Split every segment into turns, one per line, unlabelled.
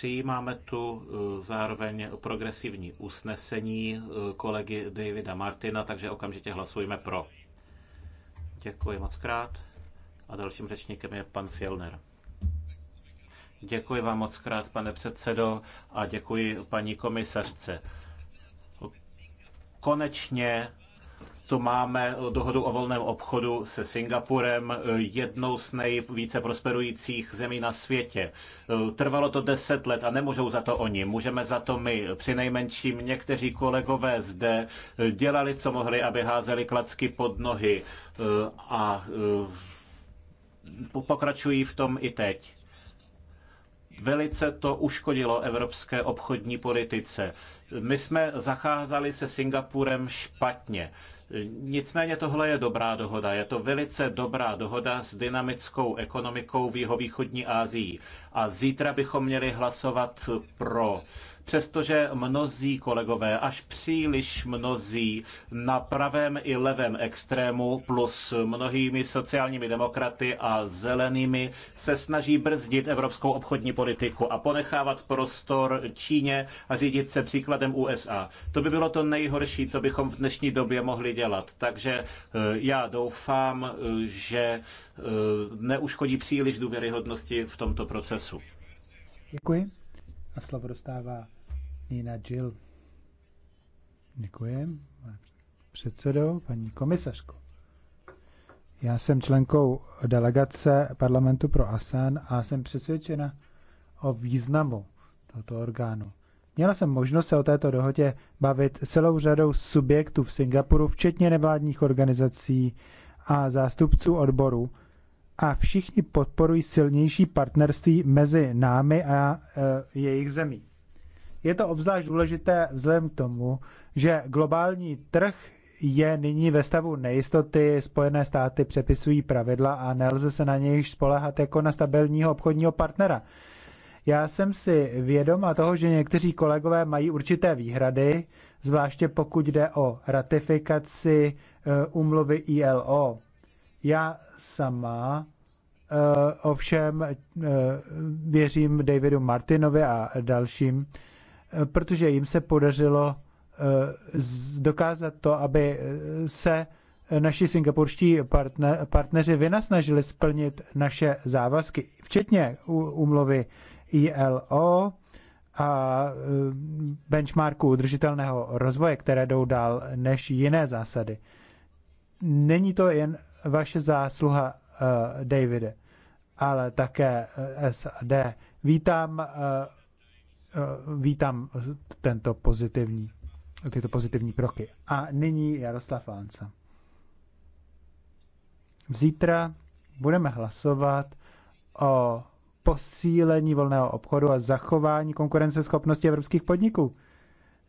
Přijímáme tu e, zároveň progresivní usnesení e, kolegy Davida Martina, takže okamžitě hlasujeme pro. Děkuji moc krát. A dalším řečníkem je pan Fielner. Děkuji vám moc krát, pane předsedo, a děkuji paní komisařce. Konečně to máme dohodu o volném obchodu se Singapurem, jednou z nejvíce prosperujících zemí na světě. Trvalo to deset let a nemůžou za to oni, můžeme za to my. Při nejmenším někteří kolegové zde dělali, co mohli, aby házeli klacky pod nohy eh, a eh, pokračují v tom i teď. Velice to uškodilo evropské obchodní politice. My jsme zacházeli se Singapurem špatně. Nicméně tohle je dobrá dohoda. Je to velice dobrá dohoda s dynamickou ekonomikou v jihovýchodní Asii. A zítra bychom měli hlasovat pro přestože mnozí kolegové, až příliš mnozí na pravém i levém extrému plus mnohými sociálními demokraty a zelenými se snaží brzdit evropskou obchodní politiku a ponechávat prostor Číně a řídit se příkladem USA. To by bylo to nejhorší, co bychom v dnešní době mohli dělat. Takže eh, já doufám, eh, že eh, neuškodí příliš důvěryhodnosti v tomto procesu.
Děkuji. A slovo dostává Nina Jill. Děkuji, předsedo, paní komisařko. Já jsem členkou delegace parlamentu pro ASEAN a jsem přesvědčena o významu tohoto orgánu. Měla jsem možnost se o této dohodě bavit celou řadou subjektů v Singapuru, včetně nevládních organizací a zástupců odboru, A všichni podporují silnější partnerství mezi námi a e, jejich zemí. Je to obzvlášť důležité vzhledem k tomu, že globální trh je nyní ve stavu nejistoty. Spojené státy přepisují pravidla a nelze se na něj spolehat jako na stabilního obchodního partnera. Já jsem si vědoma toho, že někteří kolegové mají určité výhrady, zvláště pokud jde o ratifikaci umluvy eh, ILO. Já sama eh, ovšem eh, věřím Davidu Martinovi a dalším, Eh, protože jim se podařilo eh, dokázat to, aby eh, se naši singapurští partneři vynasnažili splnit naše závazky, včetně úmluvy ILO a benchmarku udržitelného rozvoje, které jdou dál než jiné zásady. Není to jen vaše zásluha, Davide, ale také SAD. Vítám Eh, vítám tento pozitivní, tyto pozitivní kroky. A nyní Jaroslav Vánca. Zítra budeme hlasovat o posílení volného obchodu a zachování konkurenceschopnosti evropských podniků.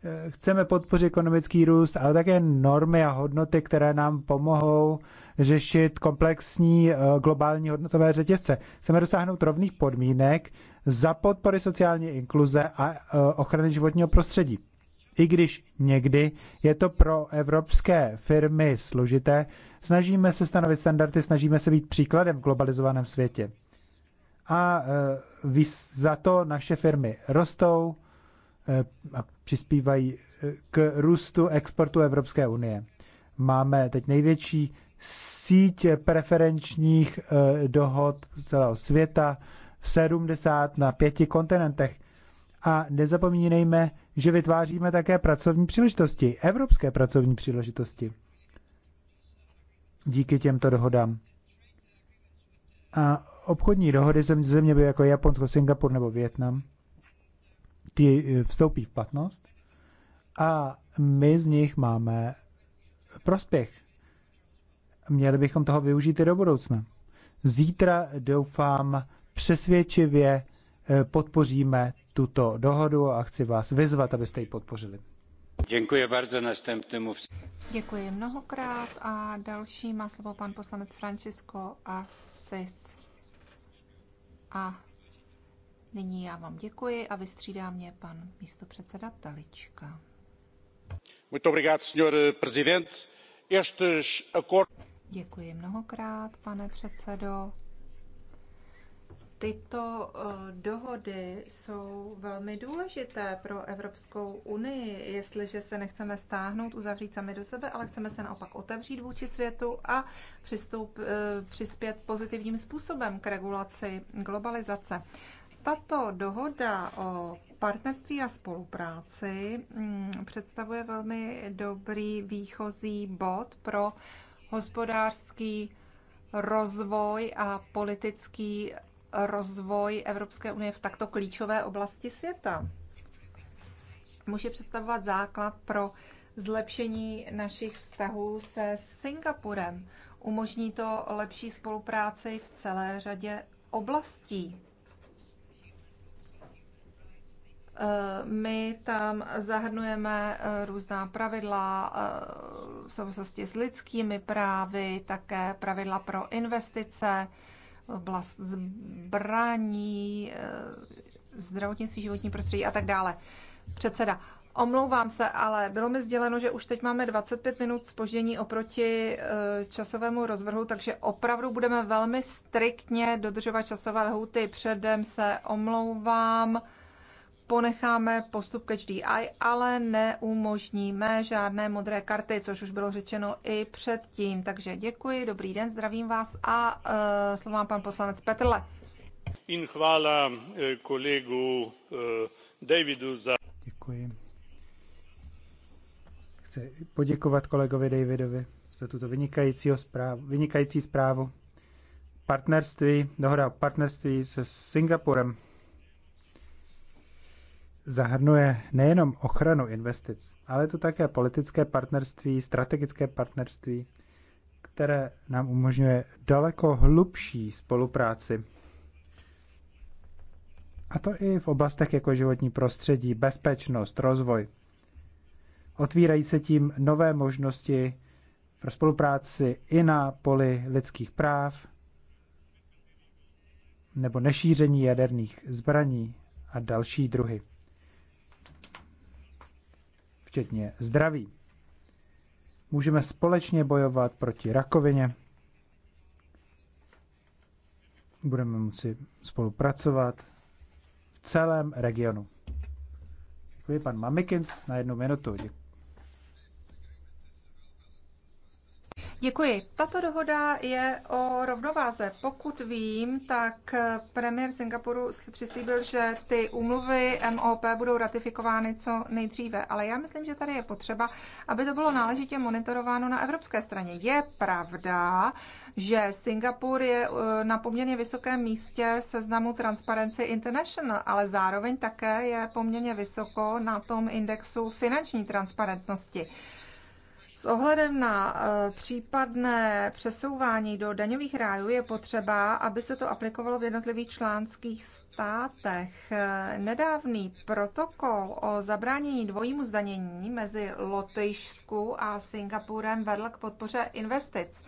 Eh, chceme podpořit ekonomický růst, ale také normy a hodnoty, které nám pomohou řešit komplexní eh, globální hodnotové řetězce. Chceme dosáhnout rovných podmínek za podpory sociální inkluze a e, ochrany životního prostředí. I když někdy je to pro evropské firmy složité, snažíme se stanovit standardy, snažíme se být příkladem v globalizovaném světě. A e, za to naše firmy rostou e, a přispívají k růstu exportu Evropské unie. Máme teď největší síť preferenčních dohod celého světa, 70 na pěti kontinentech. A nezapomínejme, že vytváříme také pracovní příležitosti, evropské pracovní příležitosti. Díky těmto dohodám. A obchodní dohody se země by jako Japonsko, Singapur nebo Větnam, ty eh, vstoupí v platnost a my z nich máme prospěch. Měli bychom toho využít i do budoucna. Zítra doufám, přesvědčivě eh, podpoříme tuto dohodu a chci vás vyzvat, abyste ji podpořili.
Děkuji bardzo następnému.
Děkuji mnohokrát a další má slovo pan poslanec Francisco Assis. A nyní já vám děkuji a vystřídá mě pan místopředseda Talička.
Muito obrigado, senhor eh, presidente. Estes acordos...
Děkuji mnohokrát, pane předsedo. Tyto eh, dohody jsou velmi důležité pro Evropskou unii, jestliže se nechceme stáhnout, uzavřít sami do sebe, ale chceme se naopak otevřít vůči světu a přistup, eh, přispět pozitivním způsobem k regulaci globalizace. Tato dohoda o partnerství a spolupráci mm, představuje velmi dobrý výchozí bod pro hospodářský rozvoj a politický rozvoj Evropské unie v takto klíčové oblasti světa. Může představovat základ pro zlepšení našich vztahů se Singapurem. Umožní to lepší spolupráci v celé řadě oblastí. Eh, my tam zahrnujeme eh, různá pravidla eh, v souvislosti s lidskými právy, také pravidla pro investice, oblast zbraní, eh, zdravotnictví, životní prostředí a tak dále. Předseda, omlouvám se, ale bylo mi sděleno, že už teď máme 25 minut spoždění oproti eh, časovému rozvrhu, takže opravdu budeme velmi striktně dodržovat časové lhuty. Předem se omlouvám ponecháme postup ke HDI, ale neumožníme žádné modré karty, což už bylo řečeno i předtím. Takže děkuji, dobrý den, zdravím vás a uh, slovo má pan poslanec Petrle.
In chvála e, kolegu uh, Davidu za... Děkuji.
Chci poděkovat kolegovi Davidovi za tuto zprávu, vynikající zprávu. Partnerství, dohoda o partnerství se Singapurem zahrnuje nejenom ochranu investic, ale to také politické partnerství, strategické partnerství, které nám umožňuje daleko hlubší spolupráci. A to i v oblastech jako životní prostředí, bezpečnost, rozvoj. Otvírají se tím nové možnosti pro spolupráci i na poli lidských práv nebo nešíření jaderných zbraní a další druhy včetně zdraví. Můžeme společně bojovat proti rakovině, budeme moci spolupracovat v celém regionu. Děkuji pan Mamikins na jednu minutu. Děkuji.
Děkuji. Tato dohoda je o rovnováze. Pokud vím, tak premiér Singapuru přislíbil, že ty úmluvy MOP budou ratifikovány co nejdříve. Ale já myslím, že tady je potřeba, aby to bylo náležitě monitorováno na evropské straně. Je pravda, že Singapur je eh, na poměrně vysokém místě seznamu Transparency International, ale zároveň také je poměrně vysoko na tom indexu finanční transparentnosti. S ohledem na eh, případné přesouvání do daňových rájů je potřeba, aby se to aplikovalo v jednotlivých článských státech. Eh, nedávný protokol o zabránění dvojímu zdanění mezi Lotyšsku a Singapurem vedl k podpoře investic.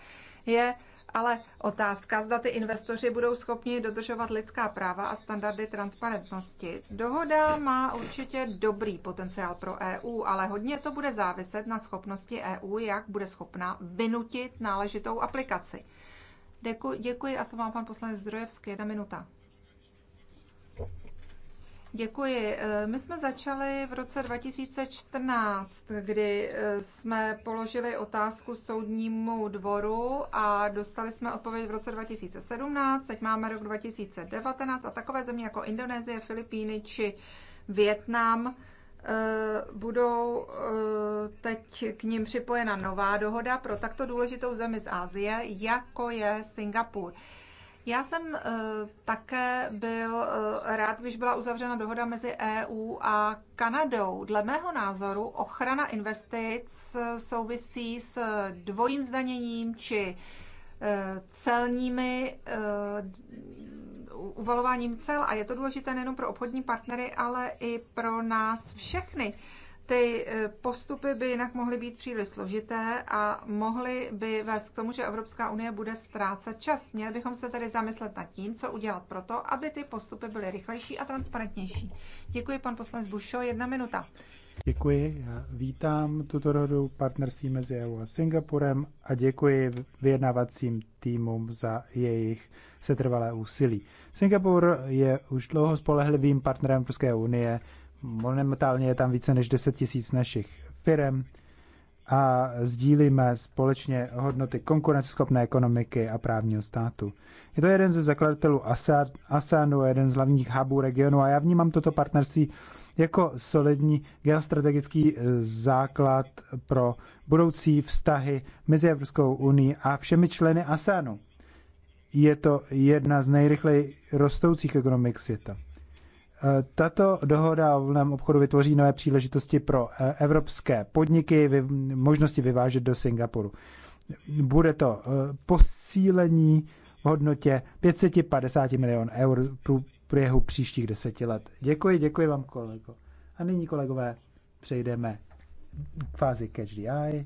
Je ale otázka, zda ty investoři budou schopni dodržovat lidská práva a standardy transparentnosti. Dohoda má určitě dobrý potenciál pro EU, ale hodně to bude záviset na schopnosti EU, jak bude schopna vynutit náležitou aplikaci. Děkuji, děkuji a s vám pan poslanec Zdrojevský, jedna minuta. Děkuji. Eh, my jsme začali v roce 2014, kdy eh, jsme položili otázku soudnímu dvoru a dostali jsme odpověď v roce 2017, teď máme rok 2019 a takové země jako Indonésie, Filipíny či Větnam eh, budou teď k ním připojena nová dohoda pro takto důležitou zemi z Asie, jako je Singapur. Já jsem eh, také byl eh, rád, když byla uzavřena dohoda mezi EU a Kanadou. Dle mého názoru ochrana investic eh, souvisí s dvojím zdaněním či celními uvalováním cel a je to důležité nejen pro obchodní partnery, ale i pro nás všechny. Ty eh, postupy by jinak mohly být příliš složité a mohly by vést k tomu, že Evropská unie bude ztrácet čas. Měli bychom se tedy zamyslet nad tím, co udělat pro to, aby ty postupy byly rychlejší a transparentnější. Děkuji, pan poslanec Bušo, jedna minuta.
Děkuji, já vítám tuto rodu partnerství mezi EU a Singapurem a děkuji vyjednávacím týmům za jejich setrvalé úsilí. Singapur je už dlouho spolehlivým partnerem Evropské unie Momentálně je tam více než 10 tisíc našich firm a sdílíme společně hodnoty konkurenceschopné ekonomiky a právního státu. Je to jeden ze zakladatelů ASEANu, jeden z hlavních hubů regionu a já vnímám toto partnerství jako solidní geostrategický eh, základ pro budoucí vztahy mezi Evropskou unii a všemi členy ASEANu. Je to jedna z nejrychleji rostoucích ekonomik světa. Tato dohoda o volném obchodu vytvoří nové příležitosti pro eh, evropské podniky, možnosti vyvážet do Singapuru. Bude to eh, posílení v hodnotě 550 milion eur v průběhu příštích deseti let. Děkuji, děkuji vám, kolego. A nyní, kolegové, přejdeme k fázi Catch the Eye.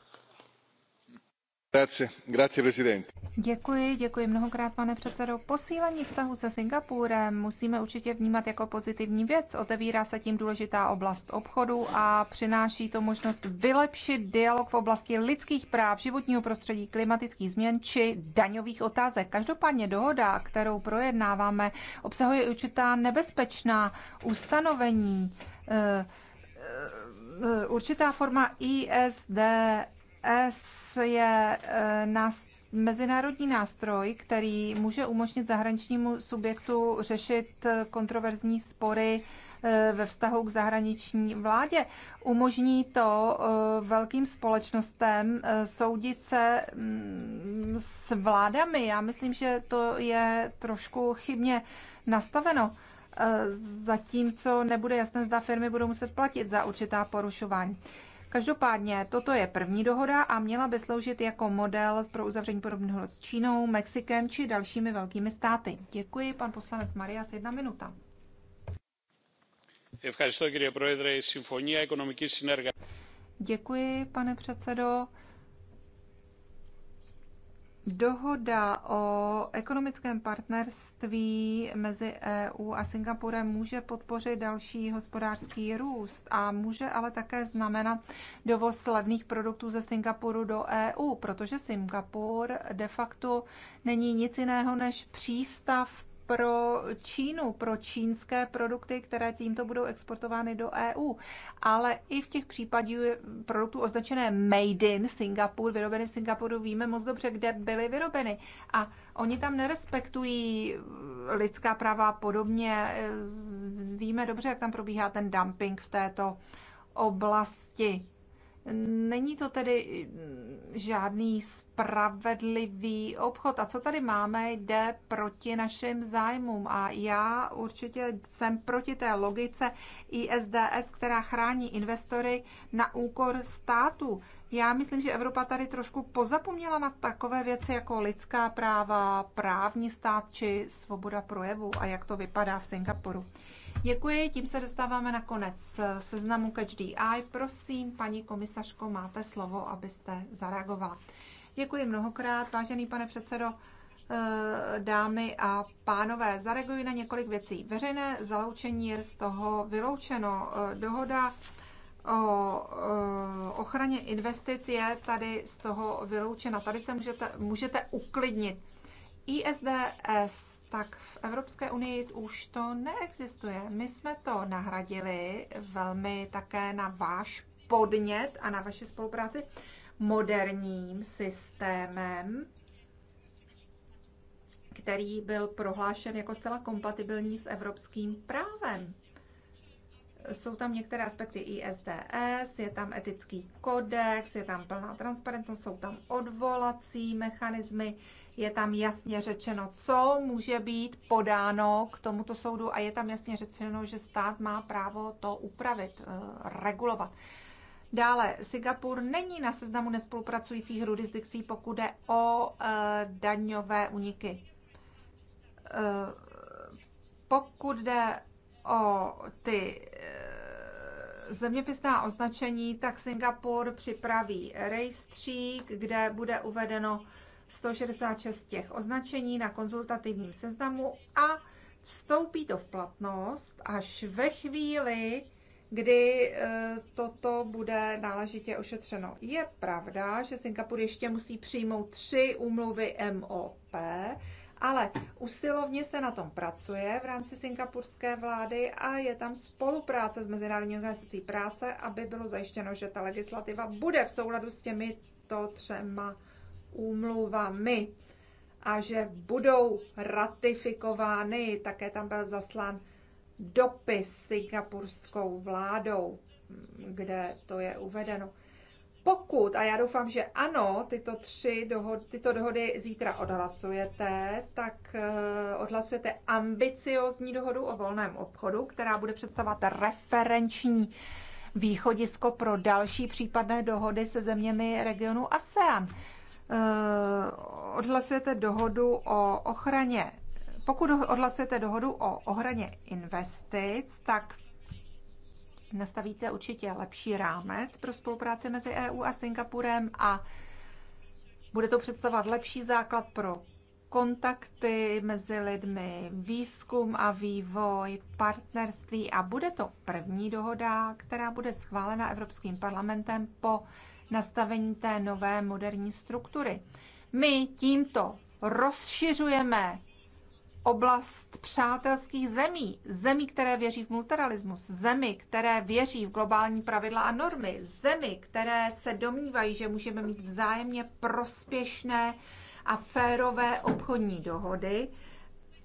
Děkuji, děkuji mnohokrát, pane předsedo. Posílení vztahu se Singapurem musíme určitě vnímat jako pozitivní věc. Otevírá se tím důležitá oblast obchodu a přináší to možnost vylepšit dialog v oblasti lidských práv, životního prostředí, klimatických změn či daňových otázek. Každopádně dohoda, kterou projednáváme, obsahuje určitá nebezpečná ustanovení eh, eh, určitá forma ISDS ES je e, nás, mezinárodní nástroj, který může umožnit zahraničnímu subjektu řešit e, kontroverzní spory e, ve vztahu k zahraniční vládě. Umožní to velkým společnostem soudit se mm, s vládami. Já myslím, že to je trošku chybně nastaveno. Zatímco nebude jasné, zda firmy budou muset platit za určitá porušování. Každopádně toto je první dohoda a měla by sloužit jako model pro uzavření podobného s Čínou, Mexikem či dalšími velkými státy. Děkuji, pan poslanec Marias, jedna minuta. Děkuji, pane předsedo. Dohoda o ekonomickém partnerství mezi EU a Singapurem může podpořit další hospodářský růst a může ale také znamenat dovoz levných produktů ze Singapuru do EU, protože Singapur de facto není nic jiného než přístav pro Čínu, pro čínské produkty, které tímto budou exportovány do EU. Ale i v těch případě produktů označené Made in Singapur, vyrobeny v Singapuru, víme moc dobře, kde byly vyrobeny. A oni tam nerespektují lidská práva a podobně. Víme dobře, jak tam probíhá ten dumping v této oblasti. Není to tedy žádný spravedlivý obchod. A co tady máme, jde proti našim zájmům. A já určitě jsem proti té logice ISDS, která chrání investory na úkor státu. Já myslím, že Evropa tady trošku pozapomněla na takové věci jako lidská práva, právní stát či svoboda projevu a jak to vypadá v Singapuru. Děkuji, tím se dostáváme na konec eh, seznamu Catch the Eye. Prosím, paní komisařko, máte slovo, abyste zareagovala. Děkuji mnohokrát, vážený pane předsedo, eh, dámy a pánové. Zareaguji na několik věcí. Veřejné zaloučení je z toho vyloučeno. Eh, dohoda o ochraně investic je tady z toho vyloučena. Tady se můžete, můžete uklidnit. ISDS tak v Evropské unii už to neexistuje. My jsme to nahradili velmi také na váš podnět a na vaši spolupráci moderním systémem, který byl prohlášen jako zcela kompatibilní s evropským právem jsou tam některé aspekty ISDS, je tam etický kodex, je tam plná transparentnost, jsou tam odvolací mechanismy, je tam jasně řečeno, co může být podáno k tomuto soudu a je tam jasně řečeno, že stát má právo to upravit, eh, regulovat. Dále, Singapur není na seznamu nespolupracujících jurisdikcí, pokud jde o eh, daňové uniky. Eh, pokud jde o ty zeměpisná označení, tak Singapur připraví rejstřík, kde bude uvedeno 166 těch označení na konzultativním seznamu a vstoupí to v platnost až ve chvíli, kdy e, toto bude náležitě ošetřeno. Je pravda, že Singapur ještě musí přijmout tři úmluvy MOP, ale usilovně se na tom pracuje v rámci singapurské vlády a je tam spolupráce s Mezinárodní organizací práce, aby bylo zajištěno, že ta legislativa bude v souladu s těmito třema úmluvami a že budou ratifikovány. Také tam byl zaslán dopis singapurskou vládou, kde to je uvedeno. Pokud, a já doufám, že ano, tyto tři dohody, tyto dohody zítra odhlasujete, tak eh, odhlasujete ambiciozní dohodu o volném obchodu, která bude představovat referenční východisko pro další případné dohody se zeměmi regionu ASEAN. Eh, odhlasujete dohodu o ochraně pokud odhlasujete dohodu o ochraně investic, tak nastavíte určitě lepší rámec pro spolupráci mezi EU a Singapurem a bude to představovat lepší základ pro kontakty mezi lidmi, výzkum a vývoj, partnerství a bude to první dohoda, která bude schválena Evropským parlamentem po nastavení té nové moderní struktury. My tímto rozšiřujeme oblast přátelských zemí, zemí, které věří v multilateralismus, zemí, které věří v globální pravidla a normy, zemí, které se domnívají, že můžeme mít vzájemně prospěšné a férové obchodní dohody,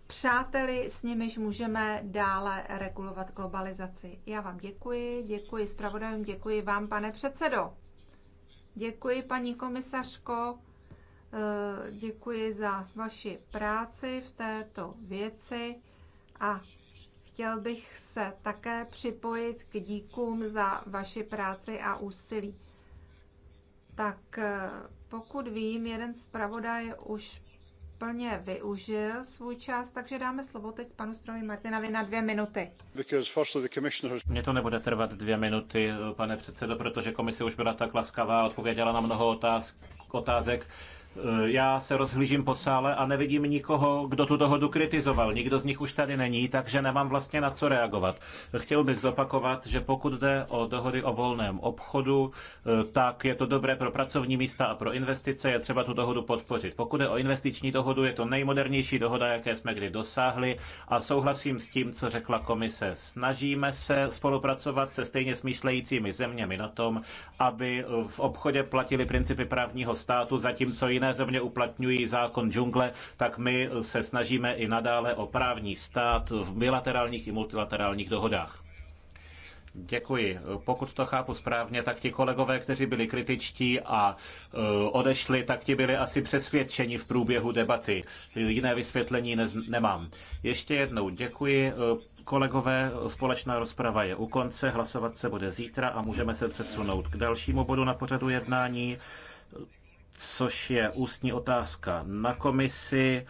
přáteli, s nimiž můžeme dále regulovat globalizaci. Já vám děkuji, děkuji zpravodajům, děkuji vám, pane předsedo. Děkuji, paní komisařko. Eh, děkuji za vaši práci v této věci a chtěl bych se také připojit k díkům za vaši práci a úsilí. Tak eh, pokud vím, jeden zpravodaj už plně využil svůj čas, takže dáme slovo teď panu zpravodaji Martinovi na dvě minuty.
Mně to nebude trvat dvě minuty, eh, pane předsedo, protože komise už byla tak laskavá, odpověděla na mnoho otázek Eh, já se rozhlížím po sále a nevidím nikoho, kdo tu dohodu kritizoval. Nikdo z nich už tady není, takže nemám vlastně na co reagovat. Chtěl bych zopakovat, že pokud jde o dohody o volném obchodu, eh, tak je to dobré pro pracovní místa a pro investice, je třeba tu dohodu podpořit. Pokud jde o investiční dohodu, je to nejmodernější dohoda, jaké jsme kdy dosáhli a souhlasím s tím, co řekla komise. Snažíme se spolupracovat se stejně smýšlejícími zeměmi na tom, aby v obchodě platili principy právního státu, zatímco jiné jiné země uplatňují zákon džungle, tak my se snažíme i nadále o právní stát v bilaterálních i multilaterálních dohodách. Děkuji. Pokud to chápu správně, tak ti kolegové, kteří byli kritičtí a e, odešli, tak ti byli asi přesvědčeni v průběhu debaty. Jiné vysvětlení nez- nemám. Ještě jednou děkuji. E, kolegové, společná rozprava je u konce, hlasovat se bude zítra a můžeme se přesunout k dalšímu bodu na pořadu jednání což je ústní otázka na komisi.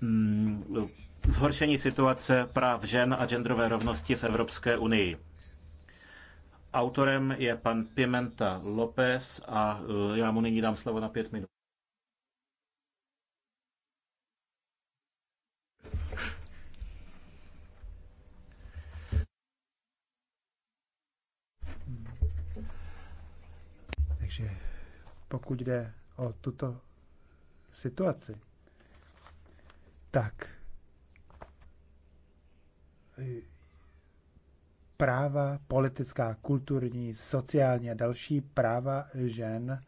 Mm, zhoršení situace práv žen a genderové rovnosti v Evropské unii. Autorem je pan Pimenta López a eh, já mu nyní dám slovo na pět minut.
Takže pokud jde o tuto situaci, tak práva, politická, kulturní, sociální a další práva žen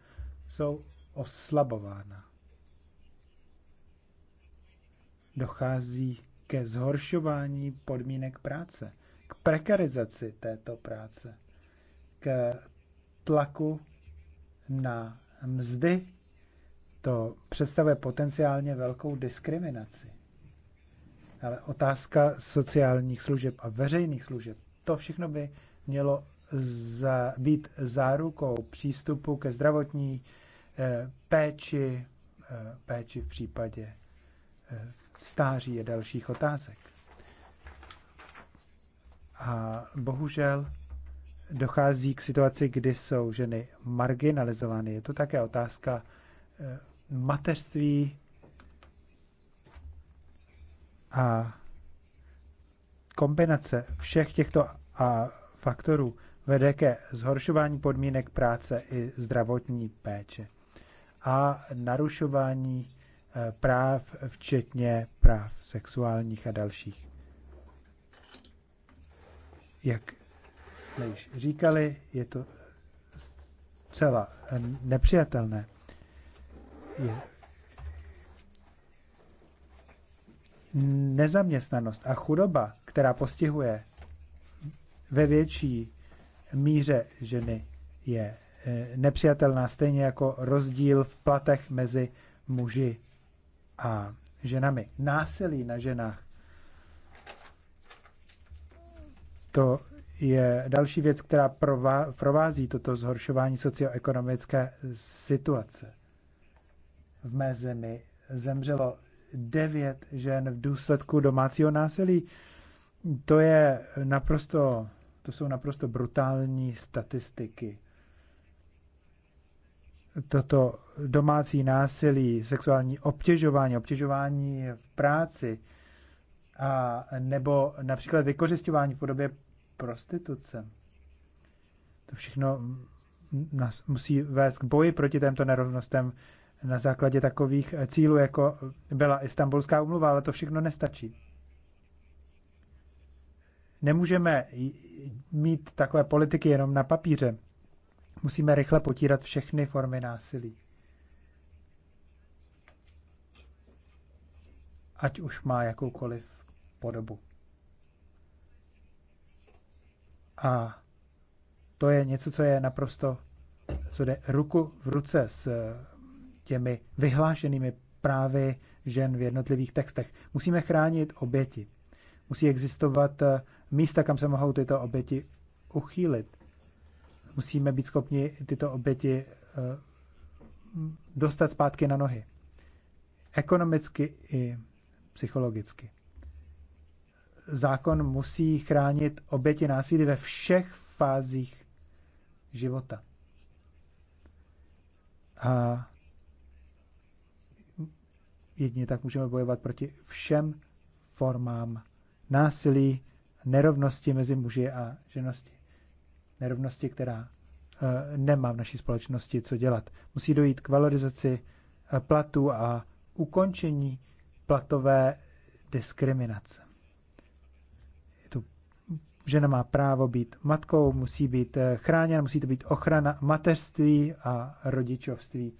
jsou oslabována. Dochází ke zhoršování podmínek práce, k prekarizaci této práce, k tlaku na mzdy, to představuje potenciálně velkou diskriminaci. Ale otázka sociálních služeb a veřejných služeb, to všechno by mělo za, být zárukou přístupu ke zdravotní eh, péči, eh, péči v případě eh, stáří a dalších otázek. A bohužel dochází k situaci, kdy jsou ženy marginalizovány. Je to také otázka eh, mateřství a kombinace všech těchto a faktorů vede ke zhoršování podmínek práce i zdravotní péče a narušování eh, práv, včetně práv sexuálních a dalších. Jak jsme již říkali, je to zcela eh, nepřijatelné. Je nezaměstnanost a chudoba, která postihuje ve větší míře ženy, je eh, nepřijatelná, stejně jako rozdíl v platech mezi muži a ženami. Násilí na ženách. To je další věc, která provází toto zhoršování socioekonomické situace. V mé zemi zemřelo devět žen v důsledku domácího násilí. To je naprosto, to jsou naprosto brutální statistiky. Toto domácí násilí, sexuální obtěžování, obtěžování v práci, a nebo například vykořišťování v podobě prostituce. To všechno nás musí vést k boji proti těmto nerovnostem na základě takových cílů, jako byla Istanbulská umluva, ale to všechno nestačí. Nemůžeme mít takové politiky jenom na papíře. Musíme rychle potírat všechny formy násilí. Ať už má jakoukoliv podobu. A to je něco, co je naprosto, co jde ruku v ruce s eh, těmi vyhlášenými právy žen v jednotlivých textech. Musíme chránit oběti. Musí existovat eh, místa, kam se mohou tyto oběti uchýlit. Musíme být schopni tyto oběti eh, dostat zpátky na nohy. Ekonomicky i psychologicky zákon musí chránit oběti násilí ve všech fázích života. A jedině tak můžeme bojovat proti všem formám násilí, nerovnosti mezi muži a ženosti. Nerovnosti, která eh, nemá v naší společnosti co dělat. Musí dojít k valorizaci eh, platů a ukončení platové diskriminace žena má právo být matkou, musí být eh, chráněna, musí to být ochrana mateřství a rodičovství.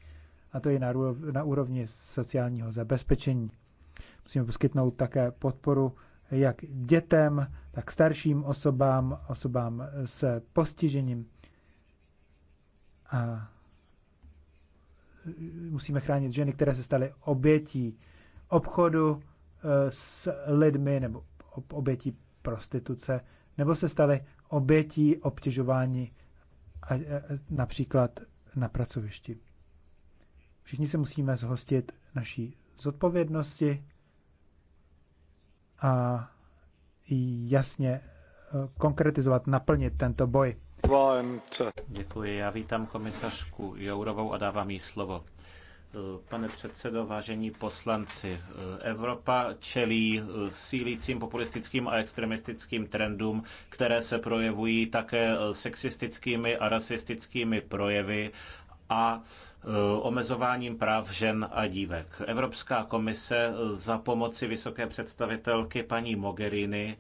A to je na, na úrovni sociálního zabezpečení. Musíme poskytnout také podporu jak dětem, tak starším osobám, osobám s postižením. A musíme chránit ženy, které se staly obětí obchodu eh, s lidmi nebo obětí prostituce nebo se stali obětí obtěžování a, a, e, například na pracovišti. Všichni se musíme zhostit naší zodpovědnosti a jasně e, konkretizovat, naplnit tento boj.
Děkuji, já vítám komisařku Jourovou a dávám jí slovo. Pane předsedo, vážení poslanci, Evropa čelí eh, sílícím populistickým a extremistickým trendům, které se projevují také eh, sexistickými a rasistickými projevy a eh, omezováním práv žen a dívek. Evropská komise za pomoci vysoké představitelky paní Mogherini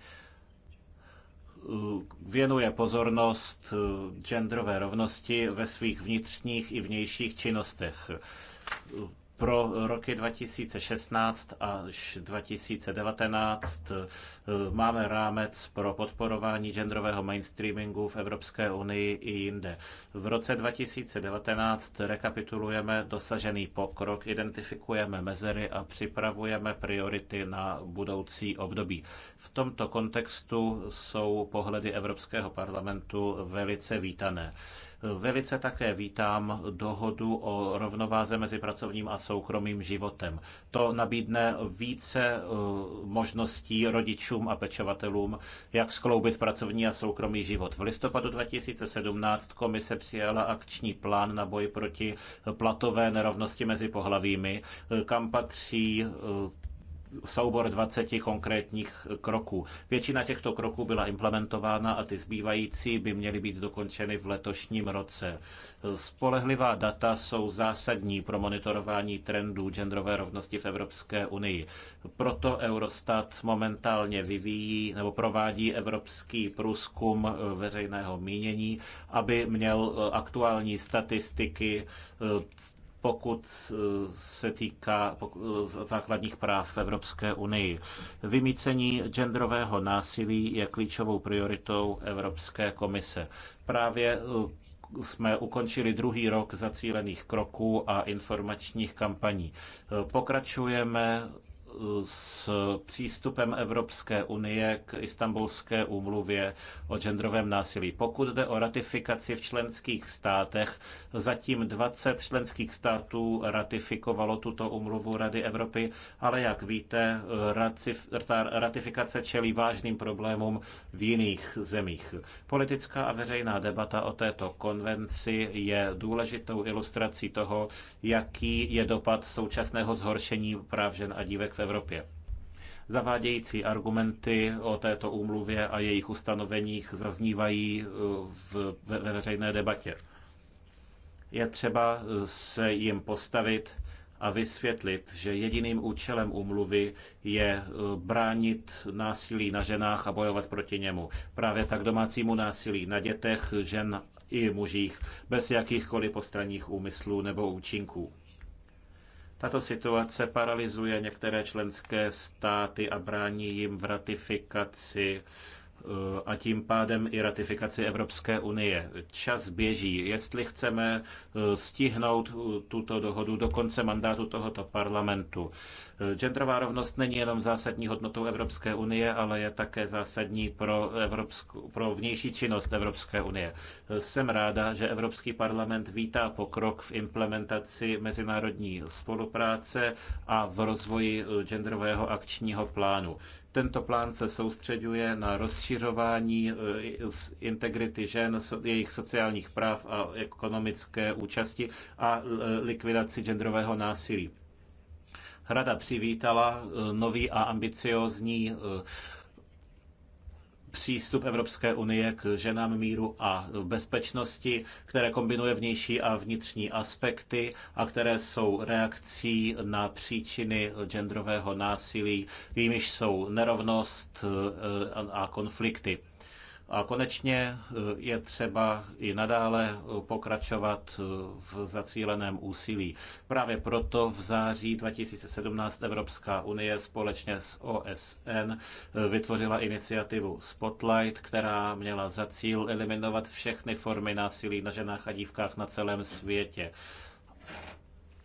věnuje pozornost genderové rovnosti ve svých vnitřních i vnějších činnostech pro roky 2016 až 2019 eh, máme rámec pro podporování genderového mainstreamingu v Evropské unii i jinde. V roce 2019 rekapitulujeme dosažený pokrok, identifikujeme mezery a připravujeme priority na budoucí období. V tomto kontextu jsou pohledy Evropského parlamentu velice vítané. Velice také vítám dohodu o rovnováze mezi pracovním a soukromým životem. To nabídne více eh, možností rodičům a pečovatelům, jak skloubit pracovní a soukromý život. V listopadu 2017 komise přijala akční plán na boj proti platové nerovnosti mezi pohlavími, eh, kam patří eh, soubor 20 konkrétních kroků. Většina těchto kroků byla implementována a ty zbývající by měly být dokončeny v letošním roce. Spolehlivá data jsou zásadní pro monitorování trendů genderové rovnosti v Evropské unii. Proto Eurostat momentálně vyvíjí nebo provádí evropský průzkum veřejného mínění, aby měl aktuální statistiky eh, pokud eh, se týká eh, základních práv v Evropské unii. Vymícení genderového násilí je klíčovou prioritou Evropské komise. Právě eh, jsme ukončili druhý rok zacílených kroků a informačních kampaní. Pokračujeme s přístupem Evropské unie k istambulské úmluvě o genderovém násilí. Pokud jde o ratifikaci v členských státech, zatím 20 členských států ratifikovalo tuto úmluvu Rady Evropy, ale jak víte, ratifikace čelí vážným problémům v jiných zemích. Politická a veřejná debata o této konvenci je důležitou ilustrací toho, jaký je dopad současného zhoršení práv žen a dívek v Evropě. Zavádějící argumenty o této úmluvě a jejich ustanoveních zaznívají eh, v, ve, ve veřejné debatě. Je třeba eh, se jim postavit a vysvětlit, že jediným účelem úmluvy je eh, bránit násilí na ženách a bojovat proti němu. Právě tak domácímu násilí na dětech, žen i mužích, bez jakýchkoliv postranních úmyslů nebo účinků. Tato situace paralyzuje některé členské státy a brání jim v ratifikaci eh, a tím pádem i ratifikaci Evropské unie. Čas běží. Jestli chceme eh, stihnout eh, tuto dohodu do konce mandátu tohoto parlamentu, Genderová rovnost není jenom zásadní hodnotou Evropské unie, ale je také zásadní pro, Evropskou, pro vnější činnost Evropské unie. Jsem ráda, že Evropský parlament vítá pokrok v implementaci mezinárodní spolupráce a v rozvoji genderového akčního plánu. Tento plán se soustředuje na rozšiřování eh, integrity žen, jejich sociálních práv a ekonomické účasti a eh, likvidaci genderového násilí. Rada přivítala e, nový a ambiciozní e, přístup Evropské unie k ženám míru a bezpečnosti, které kombinuje vnější a vnitřní aspekty a které jsou reakcí na příčiny genderového násilí, jimiž jsou nerovnost e, a konflikty. A konečně eh, je třeba i nadále eh, pokračovat eh, v zacíleném úsilí. Právě proto v září 2017 Evropská unie společně s OSN vytvořila iniciativu Spotlight, která měla za cíl eliminovat všechny formy násilí na ženách a dívkách na celém světě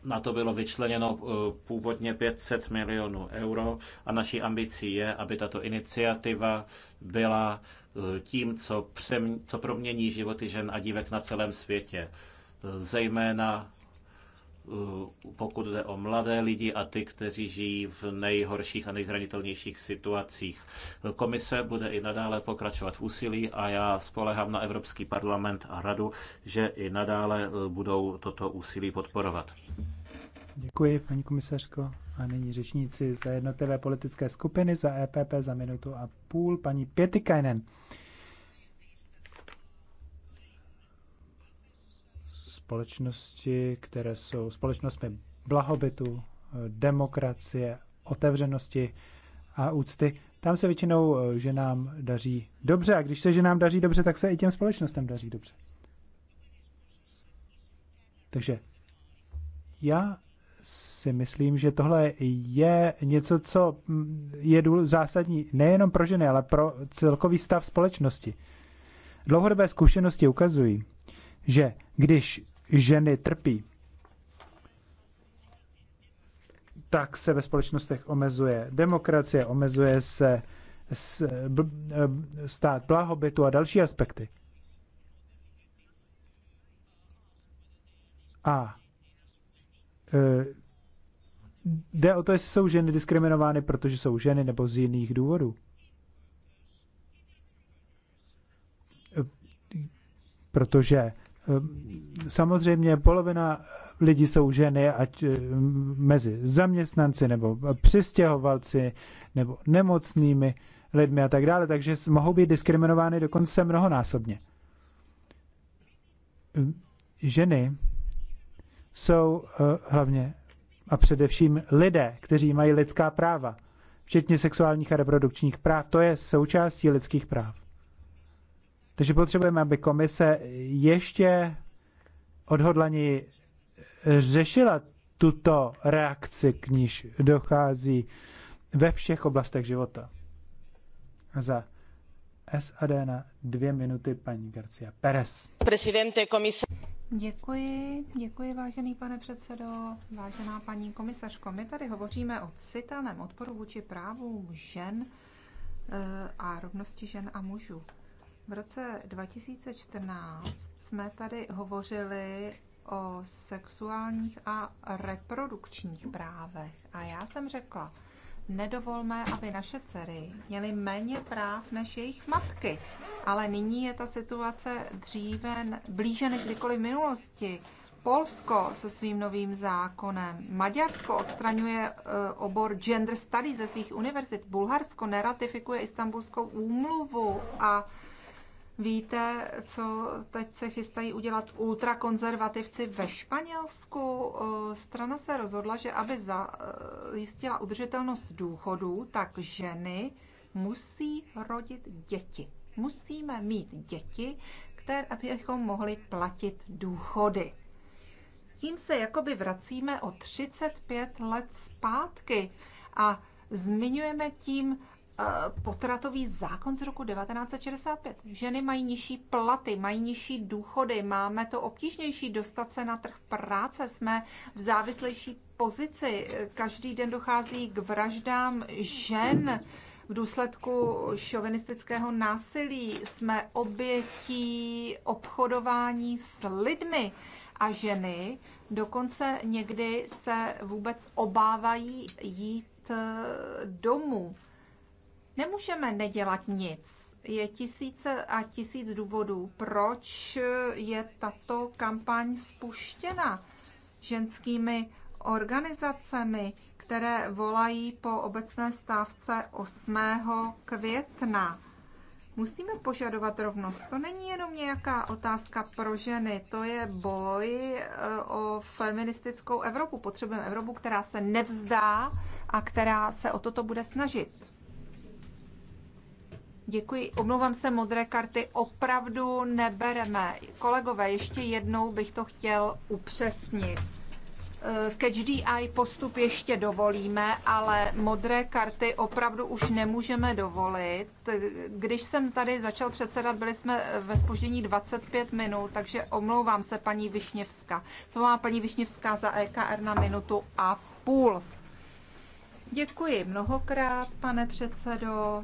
na to bylo vyčleněno eh, původně 500 milionů euro a naší ambicí je, aby tato iniciativa byla eh, tím, co, přem, co promění životy žen a dívek na celém světě. Eh, zejména Eh, pokud jde o mladé lidi a ty, kteří žijí v nejhorších a nejzranitelnějších situacích. Komise bude i nadále pokračovat v úsilí a já spolehám na Evropský parlament a radu, že i nadále eh, budou toto úsilí podporovat.
Děkuji, paní komisařko. A nyní řečníci za jednotlivé politické skupiny, za EPP za minutu a půl, paní Pětikajnen. společnosti, které jsou společnostmi blahobytu, demokracie, otevřenosti a úcty. Tam se většinou eh, ženám daří dobře a když se ženám daří dobře, tak se i těm společnostem daří dobře. Takže já si myslím, že tohle je něco, co mm, je zásadní nejenom pro ženy, ale pro celkový stav společnosti. Dlouhodobé zkušenosti ukazují, že když ženy trpí, tak se ve společnostech omezuje demokracie, omezuje se e, stát blahobytu a další aspekty. A e, jde o to, jestli jsou ženy diskriminovány, protože jsou ženy nebo z jiných důvodů. E, protože Ehm, samozřejmě polovina lidí jsou ženy, ať ehm, mezi zaměstnanci nebo přistěhovalci nebo nemocnými lidmi a tak dále, takže mohou být diskriminovány dokonce mnohonásobně. Ehm, ženy jsou eh, hlavně a především lidé, kteří mají lidská práva, včetně sexuálních a reprodukčních práv. To je součástí lidských práv. Takže potřebujeme, aby komise ještě odhodlaně řešila tuto reakci, k níž dochází ve všech oblastech života. Za SAD na dvě minuty paní Garcia Perez.
Presidente, komise. Děkuji, děkuji vážený pane předsedo, vážená paní komisařko. My tady hovoříme o citelném odporu vůči právům žen eh, a rovnosti žen a mužů. V roce 2014 jsme tady hovořili o sexuálních a reprodukčních právech a já jsem řekla, nedovolme, aby naše dcery měly méně práv než jejich matky. Ale nyní je ta situace dříve blíže než kdykoliv v minulosti. Polsko se svým novým zákonem, Maďarsko odstraňuje e, obor gender studies ze svých univerzit, Bulharsko neratifikuje istambulskou úmluvu a Víte, co teď se chystají udělat ultrakonzervativci ve Španělsku? Strana se rozhodla, že aby zajistila udržitelnost důchodů, tak ženy musí rodit děti. Musíme mít děti, které abychom mohli platit důchody. Tím se jakoby vracíme o 35 let zpátky a zmiňujeme tím Eh, potratový zákon z roku 1965. Ženy mají nižší platy, mají nižší důchody, máme to obtížnější dostat se na trh práce, jsme v závislejší pozici. Každý den dochází k vraždám žen v důsledku šovinistického násilí. Jsme obětí obchodování s lidmi a ženy dokonce někdy se vůbec obávají jít eh, domů Nemůžeme nedělat nic. Je tisíce a tisíc důvodů, proč je tato kampaň spuštěna ženskými organizacemi, které volají po obecné stávce 8. května. Musíme požadovat rovnost. To není jenom nějaká otázka pro ženy, to je boj eh, o feministickou Evropu. Potřebujeme Evropu, která se nevzdá a která se o toto bude snažit. Děkuji. Omlouvám se, modré karty opravdu nebereme. Kolegové, ještě jednou bych to chtěl upřesnit. Catch eh, eye postup ještě dovolíme, ale modré karty opravdu už nemůžeme dovolit. Když jsem tady začal předsedat, byli jsme eh, ve spoždění 25 minut, takže omlouvám se paní Višněvská. Co má paní Višněvská za EKR na minutu a půl? Děkuji mnohokrát, pane předsedo.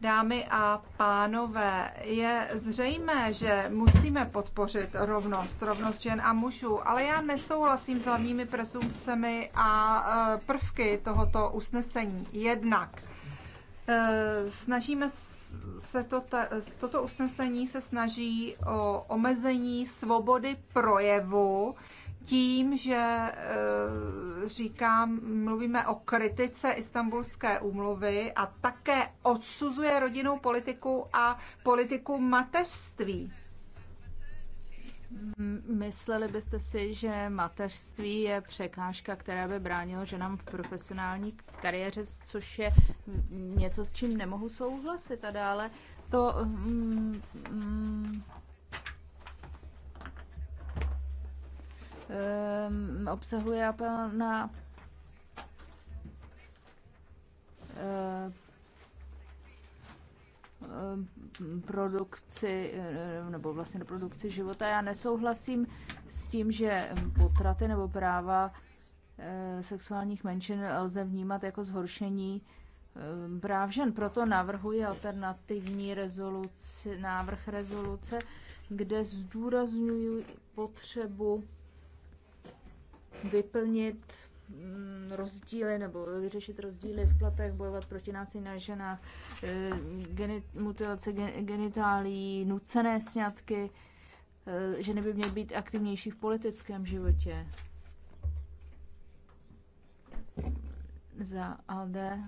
Dámy a pánové, je zřejmé, že musíme podpořit rovnost, rovnost žen a mužů, ale já nesouhlasím s hlavními presumpcemi a e, prvky tohoto usnesení. Jednak e, snažíme se to, toto usnesení se snaží o omezení svobody projevu, tím, že eh, říkám, mluvíme o kritice istambulské úmluvy a také odsuzuje rodinnou politiku
a politiku mateřství. Mysleli byste si, že mateřství je překážka, která by bránila ženám v profesionální kariéře, což je něco, s čím nemohu souhlasit a dále to mm, mm, um, obsahuje apel na ehm, ehm, produkci nebo vlastně do produkci života. Já nesouhlasím s tím, že potraty nebo práva sexuálních menšin lze vnímat jako zhoršení práv žen. Proto navrhuji alternativní rezoluci, návrh rezoluce, kde zdůraznuju potřebu vyplnit mm, rozdíly nebo vyřešit rozdíly v platech, bojovat proti násilí na ženách, eh, genit, mutilace genitálí, nucené sňatky, eh, ženy by měly být aktivnější v politickém životě. Za Alde,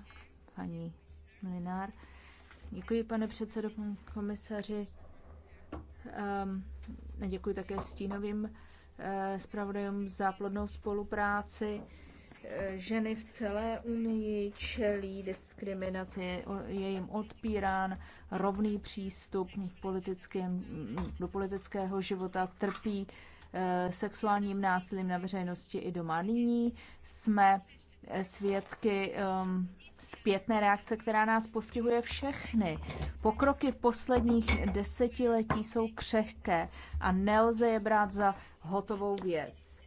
paní Mlinár. Děkuji, pane předsedo, komisaři. Um, děkuji také stínovým Eh, zpravodajům za plodnou spolupráci. Eh, ženy v celé Unii čelí diskriminaci, je jim odpírán rovný přístup politickém, do politického života, trpí eh, sexuálním násilím na veřejnosti i doma. Nyní jsme svědky um, zpětné reakce, která nás postihuje všechny. Pokroky posledních desetiletí jsou křehké a nelze je brát za hotovou věc.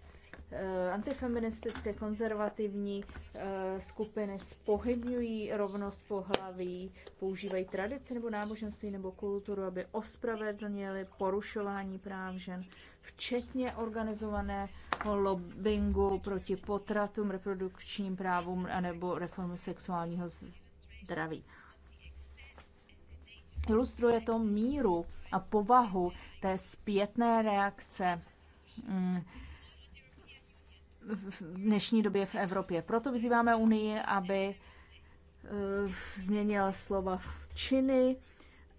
Eh, antifeministické konzervativní eh, skupiny spohybňují rovnost pohlaví, používají tradici nebo náboženství nebo kulturu, aby ospravedlnili porušování práv žen, včetně organizovaného lobbingu proti potratům, reprodukčním právům nebo reformu sexuálního zdraví ilustruje to míru a povahu té zpětné reakce Mm, v dnešní době v Evropě. Proto vyzýváme Unii, aby eh, změnila slova v činy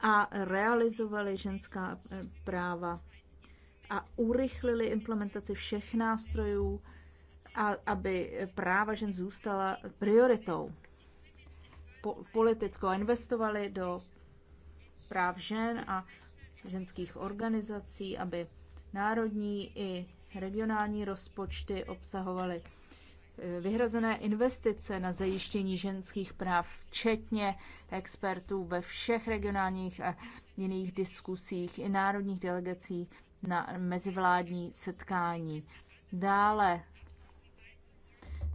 a realizovali ženská eh, práva a urychlili implementaci všech nástrojů, a aby práva žen zůstala prioritou po, politickou investovali do práv žen a ženských organizací, aby Národní i regionální rozpočty obsahovaly eh, vyhrazené investice na zajištění ženských práv, včetně expertů ve všech regionálních a jiných diskusích i národních delegací na mezivládní setkání. Dále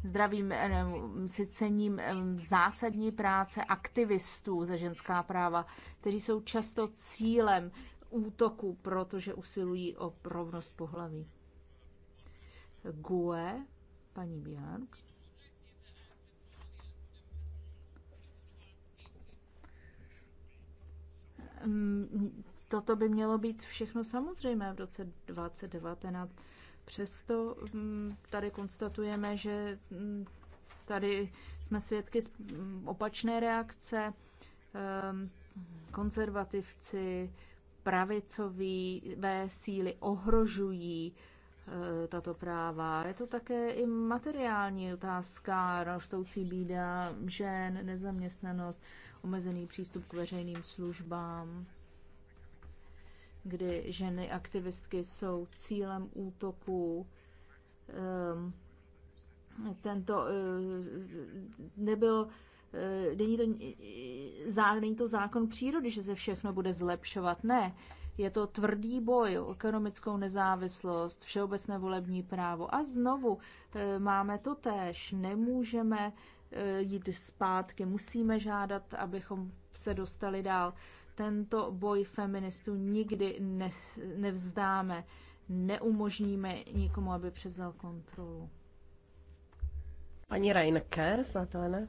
zdravím, eh, si cením eh, zásadní práce aktivistů za ženská práva, kteří jsou často cílem útoku, protože usilují o rovnost pohlaví. GUE, paní Biank. Mm, toto by mělo být všechno samozřejmé v roce 2019. Přesto mm, tady konstatujeme, že mm, tady jsme svědky opačné reakce. Ehm, konzervativci, pravicové síly ohrožují eh, tato práva. Je to také i materiální otázka, rostoucí bída žen, nezaměstnanost, omezený přístup k veřejným službám, kdy ženy aktivistky jsou cílem útoku. Ehm, tento eh, nebyl Eh, není to, eh, není to zákon přírody, že se všechno bude zlepšovat. Ne, je to tvrdý boj o ekonomickou nezávislost, všeobecné volební právo. A znovu eh, máme to též. Nemůžeme jít zpátky, musíme žádat, abychom se dostali dál. Tento boj feministů nikdy ne, nevzdáme, neumožníme nikomu, aby převzal kontrolu.
Paní Reinke, snad ne?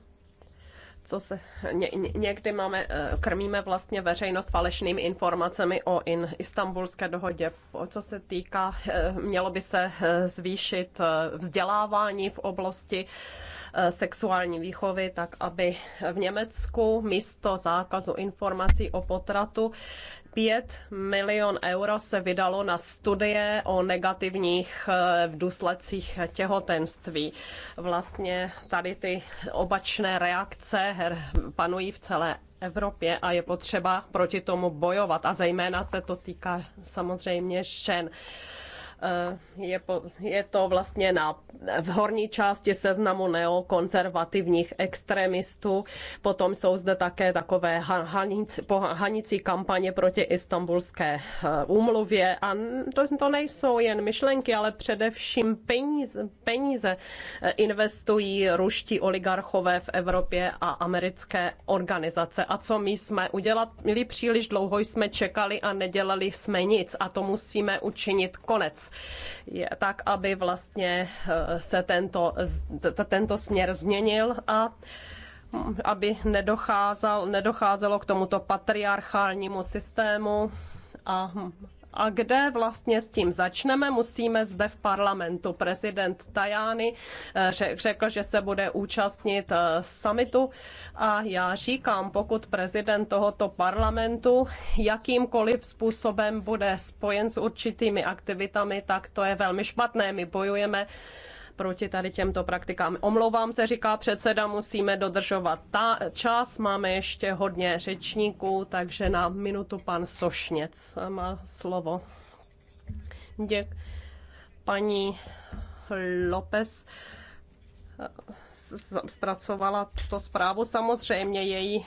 co se ně, ně, někdy máme, eh, krmíme vlastně veřejnost falešnými informacemi o in, istambulské dohodě. Co se týká, eh, mělo by se eh, zvýšit vzdělávání v oblasti sexuální výchovy, tak aby v Německu místo zákazu informací o potratu 5 milion euro se vydalo na studie o negativních eh, důsledcích těhotenství. Vlastně tady ty obačné reakce panují v celé Evropě a je potřeba proti tomu bojovat. A zejména se to týká samozřejmě žen. Eh, je, po, je to vlastně na, v horní části seznamu neokonzervativních extremistů. Potom jsou zde také takové hanící, kampaně proti istambulské eh, úmluvě. A to, to nejsou jen myšlenky, ale především peníze, peníze eh, investují ruští oligarchové v Evropě a americké organizace. A co my jsme udělat? Měli příliš dlouho jsme čekali a nedělali jsme nic a to musíme učinit konec je, tak aby vlastně eh, se tento, tento směr změnil a hm, aby nedocházel, nedocházelo k tomuto patriarchálnímu systému a hm, a kde vlastně s tím začneme, musíme zde v parlamentu. Prezident Tajány eh, řekl, že se bude účastnit eh, summitu a já říkám, pokud prezident tohoto parlamentu jakýmkoliv způsobem bude spojen s určitými aktivitami, tak to je velmi špatné. My bojujeme proti tady těmto praktikám. Omlouvám se, říká předseda, musíme dodržovat ta čas. Máme ještě hodně řečníků, takže na minutu pan Sošněc má slovo. Děk. Paní López eh, zpracovala tuto zprávu. Samozřejmě její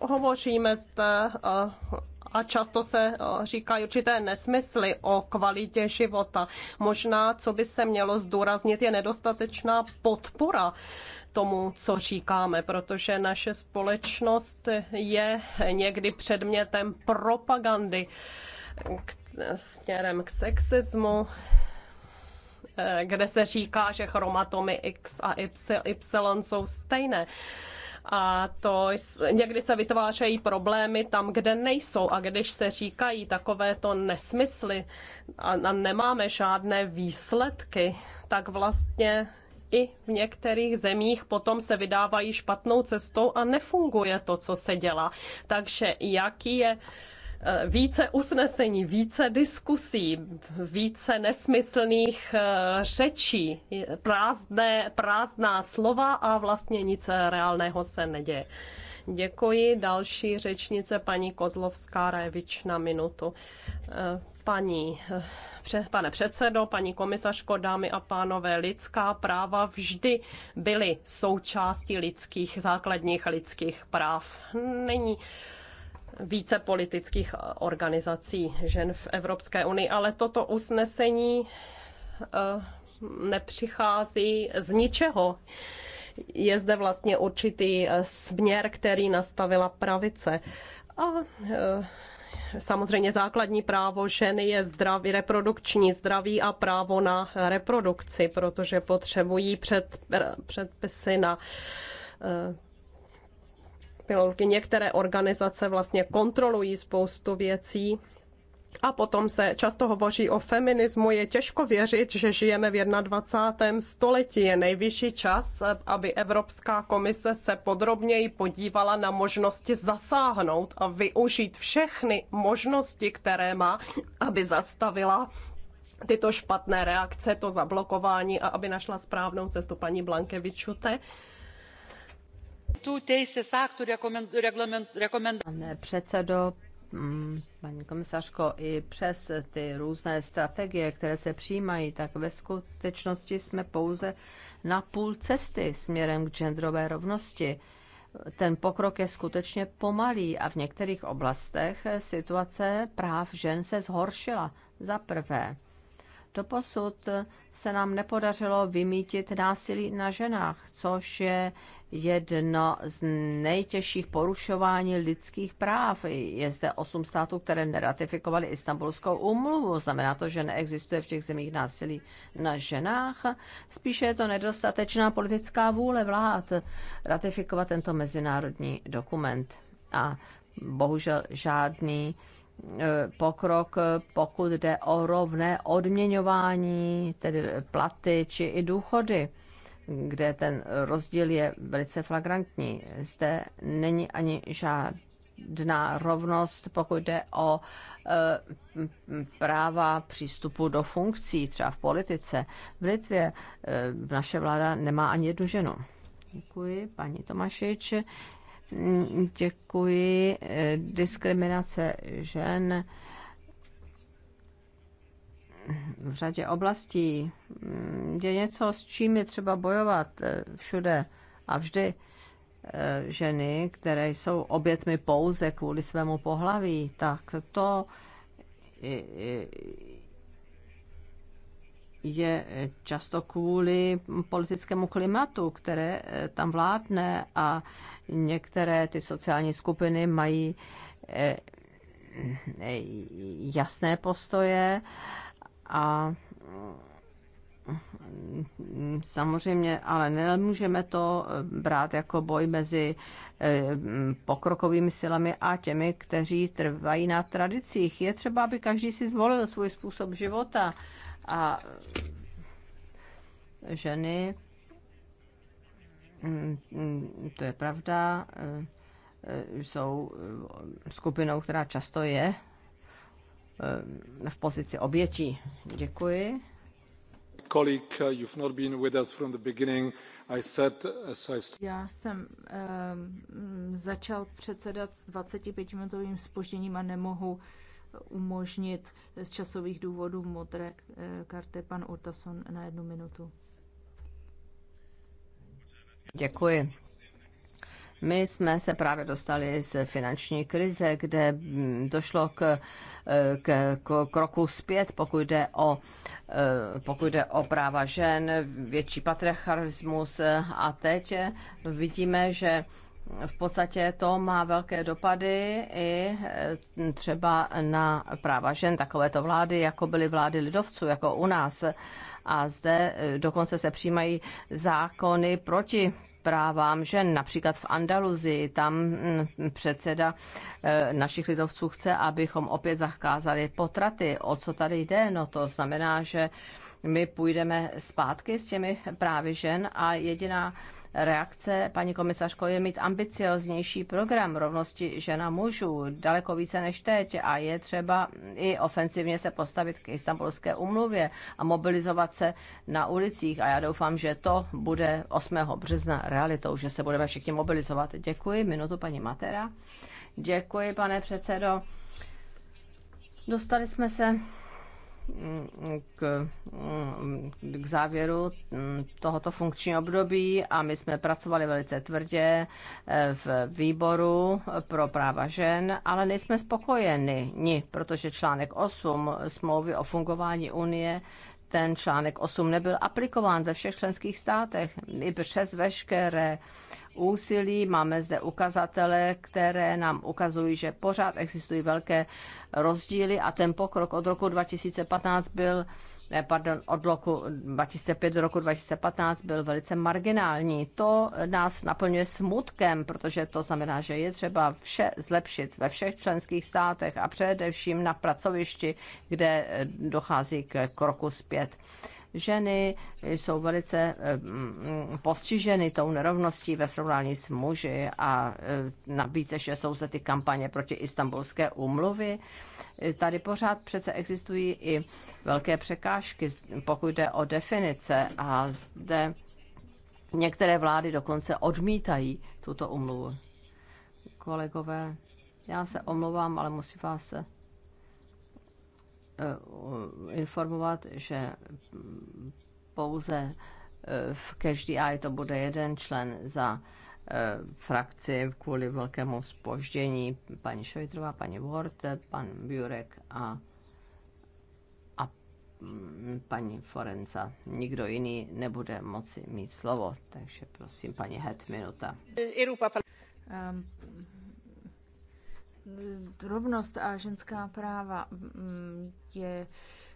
hovoříme zde eh, a často se eh, říkají určité nesmysly o kvalitě života. Možná, co by se mělo zdůraznit, je nedostatečná podpora tomu, co říkáme, protože naše společnost je někdy předmětem propagandy k, směrem k sexismu, eh, kde se říká, že chromatomy X a Y jsou stejné a to někdy se vytvářejí problémy tam, kde nejsou a když se říkají takovéto nesmysly a, a nemáme žádné výsledky, tak vlastně i v některých zemích potom se vydávají špatnou cestou a nefunguje to, co se dělá. Takže jaký je Eh, více usnesení, více diskusí, více nesmyslných eh, řečí, prázdné, prázdná slova a vlastně nic reálného se neděje. Děkuji. Další řečnice paní Kozlovská Révič na minutu. Eh, paní, pane předsedo, paní komisařko, dámy a pánové, lidská práva vždy byly součástí lidských, základních lidských práv. Není více politických eh, organizací žen v Evropské unii, ale toto usnesení eh, nepřichází z ničeho. Je zde vlastně určitý eh, směr, který nastavila pravice. A samozřejmě základní právo ženy je zdraví, reprodukční zdraví a právo na reprodukci, protože potřebují před, předpisy na pilotky. Některé organizace vlastně kontrolují spoustu věcí, a potom se často hovoří o feminismu. Je těžko věřit, že žijeme v 21. století. Je nejvyšší čas, aby Evropská komise se podrobněji podívala na možnosti zasáhnout a využít všechny možnosti, které má, aby zastavila tyto špatné reakce, to zablokování a aby našla správnou cestu paní Blankevičute. Pane
předsedo, mm, paní komisařko, i přes ty různé strategie, které se přijímají, tak ve skutečnosti jsme pouze na půl cesty směrem k genderové rovnosti. Ten pokrok je skutečně pomalý a v některých oblastech situace práv žen se zhoršila. Za prvé, Doposud se nám nepodařilo vymítit násilí na ženách, což je jedno z nejtěžších porušování lidských práv. Je zde osm států, které neratifikovaly Istanbulskou úmluvu. Znamená to, že neexistuje v těch zemích násilí na ženách. Spíše je to nedostatečná politická vůle vlád ratifikovat tento mezinárodní dokument. A bohužel žádný E, pokrok, e, pokud jde o rovné odměňování, tedy platy či i důchody, kde ten rozdíl je velice flagrantní. Zde není ani žádná rovnost, pokud jde o e, práva přístupu do funkcí, třeba v politice. V Litvě naše vláda nemá ani jednu ženu. Děkuji, paní Tomašič. Děkuji. Diskriminace žen v řadě oblastí je něco, s čím je třeba bojovat všude a vždy. Ženy, které jsou obětmi pouze kvůli svému pohlaví, tak to je často kvůli politickému klimatu, které eh, tam vládne a některé ty sociální skupiny mají eh, jasné postoje a mm, samozřejmě, ale nemůžeme to eh, brát jako boj mezi pokrokovými silami a těmi, kteří trvají na tradicích. Je třeba, aby každý si zvolil svůj způsob života a eh, ženy, mm, mm, to je pravda, eh, eh, jsou skupinou, která často je v pozici obětí. Děkuji.
Já jsem um, začal předsedat s 25-minutovým spožděním a nemohu umožnit z časových důvodů modré eh, karty. Pan Urtason na jednu minutu.
Děkuji. My jsme se právě dostali z finanční krize, kde mm, došlo k, eh, k, k kroku zpět, pokud jde o, eh, pokud jde o práva žen, větší patriarchalismus a teď vidíme, že v podstatě to má velké dopady i e, třeba na práva žen, takovéto vlády, jako byly vlády lidovců, jako u nás. A zde e, dokonce se přijímají zákony proti právám žen. Například v Andaluzii, tam mm, předseda e, našich lidovců chce, abychom opět zakázali potraty. O co tady jde? No to znamená, že my půjdeme zpátky s těmi právy žen a jediná reakce, paní komisařko, je mít ambicioznější program rovnosti žena mužů, daleko více než teď a je třeba i ofensivně se postavit k istambulské umluvě a mobilizovat se na ulicích a já doufám, že to bude 8. března realitou, že se budeme všichni mobilizovat. Děkuji, minutu paní Matera. Děkuji, pane předsedo. Dostali jsme se k, k závěru tohoto funkčního období a my jsme pracovali velice tvrdě eh, v výboru pro práva žen, ale nejsme spokojeni, ni, protože článek 8 smlouvy o fungování Unie ten článek 8 nebyl aplikován ve všech členských státech. I přes veškeré úsilí. Máme zde ukazatele, které nám ukazují, že pořád existují velké rozdíly a ten pokrok od roku 2015 byl ne, pardon, od roku 2005 do roku 2015 byl velice marginální. To nás naplňuje smutkem, protože to znamená, že je třeba vše zlepšit ve všech členských státech a především na pracovišti, kde dochází k kroku zpět ženy jsou velice eh, mm, postiženy tou nerovností ve srovnání s muži a eh, nabíce, že jsou se ty kampaně proti istambulské úmluvy. Eh, tady pořád přece existují i velké překážky, pokud jde o definice a zde některé vlády dokonce odmítají tuto umluvu. Kolegové, já se omlouvám, ale musím vás Eh, informovat, že pouze eh, v každý AI to bude jeden člen za eh, frakci kvůli velkému spoždění paní Šojtrová, paní Ward, pan Burek a, a mm, paní Forenza. Nikdo jiný nebude moci mít slovo, takže prosím, paní Het, minuta.
Um, rovnost a ženská práva mm, je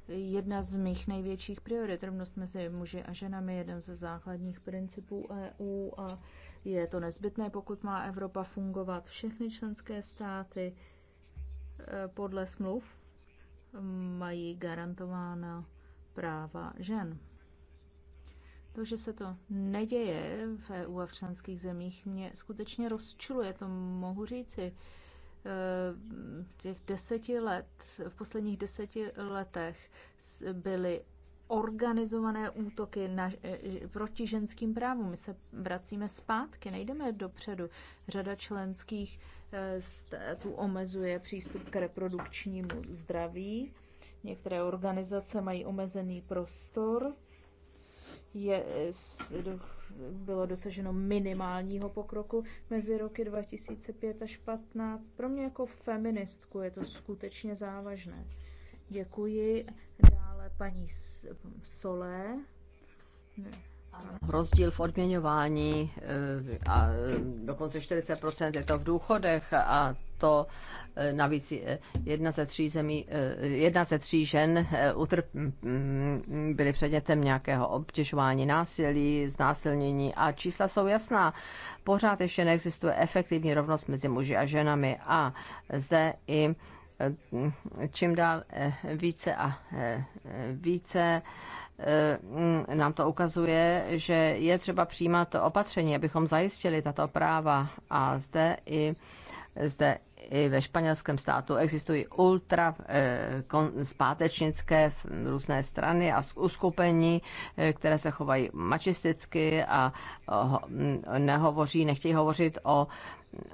jedna z mých největších priorit. Rovnost mezi muži a ženami je jeden ze základních principů EU a je to nezbytné, pokud má Evropa fungovat. Všechny členské státy e, podle smluv mají garantována práva žen. To, že se to neděje v EU a v členských zemích, mě skutečně rozčiluje, to mohu říci těch deseti let, v posledních deseti letech byly organizované útoky na, proti ženským právům. My se vracíme zpátky, nejdeme dopředu. Řada členských eh, států omezuje přístup k reprodukčnímu zdraví. Některé organizace mají omezený prostor. Je, bylo dosaženo minimálního pokroku mezi roky 2005 až 2015. Pro mě jako feministku je to skutečně závažné. Děkuji. Dále paní Solé
rozdíl v odměňování eh, a eh, dokonce 40% je to v důchodech a to eh, navíc jedna ze tří zemí, jedna ze tří žen utrp, mm, byly předmětem nějakého obtěžování násilí, znásilnění a čísla jsou jasná. Pořád ještě neexistuje efektivní rovnost mezi muži a ženami a zde i čím dál více a více Eh, mm, nám to ukazuje, že je třeba přijímat opatření, abychom zajistili tato práva. A zde i, zde i ve španělském státu existují ultra eh, zpátečnické různé strany a uskupení, eh, které se chovají mačisticky a mm, nehovoří, nechtějí hovořit o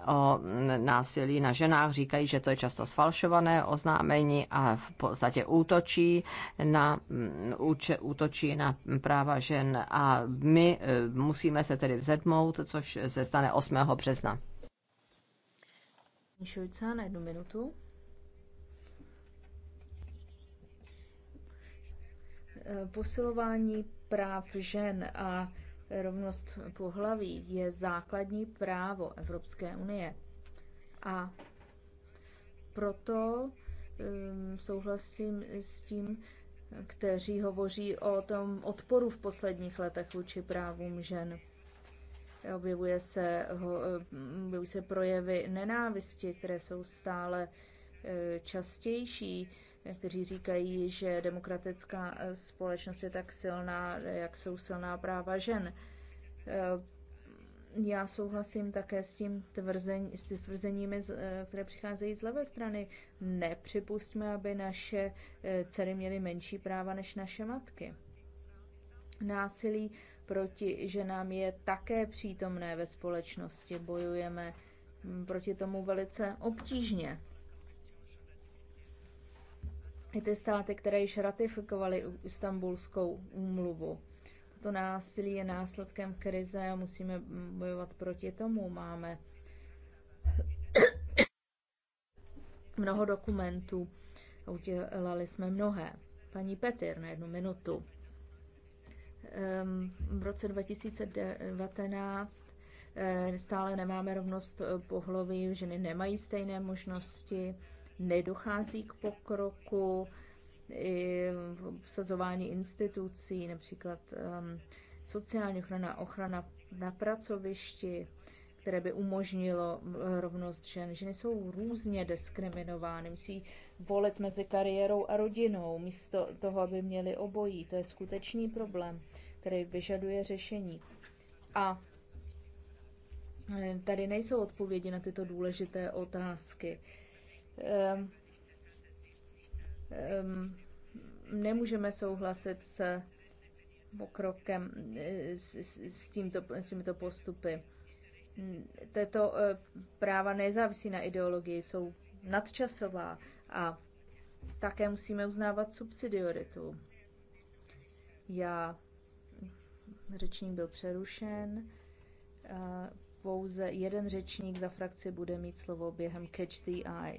o násilí na ženách, říkají, že to je často sfalšované oznámení a v podstatě útočí na, mm, útočí na práva žen a my e, musíme se tedy vzetmout, což se stane 8. března.
Šulca na jednu minutu. E, posilování práv žen a rovnost pohlaví je základní právo Evropské unie. A proto um, souhlasím s tím, kteří hovoří o tom odporu v posledních letech vůči právům žen. Objevuje se, objevuje um, objevují se projevy nenávisti, které jsou stále eh, častější Někteří říkají, že demokratická eh, společnost je tak silná, jak jsou silná práva žen. Eh, já souhlasím také s tím tvrzení, s tím tvrzeními, eh, které přicházejí z levé strany. Nepřipustme, aby naše dcery měly menší práva než naše matky. Násilí proti ženám je také přítomné ve společnosti. Bojujeme hm, proti tomu velice obtížně i ty státy, které již ratifikovaly Istanbulskou úmluvu. Toto násilí je následkem krize a musíme bojovat proti tomu. Máme mnoho dokumentů, udělali jsme mnohé. Paní Petr na jednu minutu. V roce 2019 eh, stále nemáme rovnost eh, pohlaví, ženy nemají stejné možnosti nedochází k pokroku v obsazování institucí, například um, sociální ochrana, ochrana na pracovišti, které by umožnilo rovnost žen. Ženy jsou různě diskriminovány, musí volit mezi kariérou a rodinou, místo toho, aby měli obojí. To je skutečný problém, který vyžaduje řešení. A eh, tady nejsou odpovědi na tyto důležité otázky. Ehm, ehm, nemůžeme souhlasit s pokrokem eh, s, s, tímto, s tímto postupy. Tato eh, práva nezávisí na ideologii, jsou nadčasová a také musíme uznávat subsidioritu. Já řečník byl přerušen. Eh, pouze jeden řečník za frakci bude mít slovo během Catch the Eye